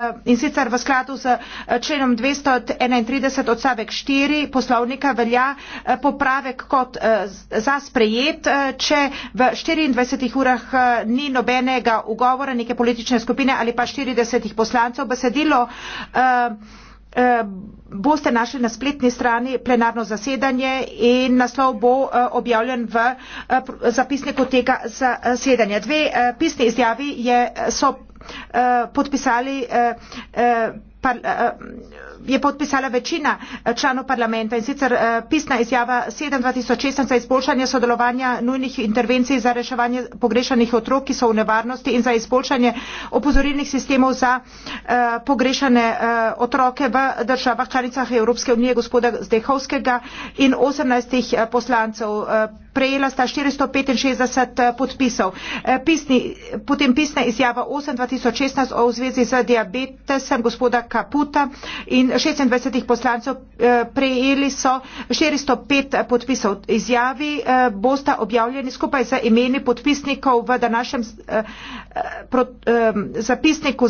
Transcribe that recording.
Eh, in sicer v skladu z eh, členom 231 odstavek 4 poslovnika velja eh, popravek kot za sprejet, če v 24 urah ni nobenega ugovora neke politične skupine ali pa 40 poslancev besedilo boste našli na spletni strani plenarno zasedanje in naslov bo objavljen v zapisniku tega zasedanja. Dve pisni izjavi je, so Eh, podpisali, eh, eh, je podpisala večina članov parlamenta in sicer pisna izjava 7.2016 za izboljšanje sodelovanja nujnih intervencij za reševanje pogrešanih otrok, ki so v nevarnosti in za izboljšanje opozorilnih sistemov za pogrešane otroke v državah članicah Evropske unije gospoda Zdehovskega in 18 poslancev prejela sta 465 eh, podpisov. Eh, pisni, potem pisna izjava 8.2016 o zvezi z diabetesem gospoda Kaputa in 26 poslancev eh, prejeli so 405 podpisov. Izjavi bosta objavljeni skupaj z imeni podpisnikov v današnjem zapisniku.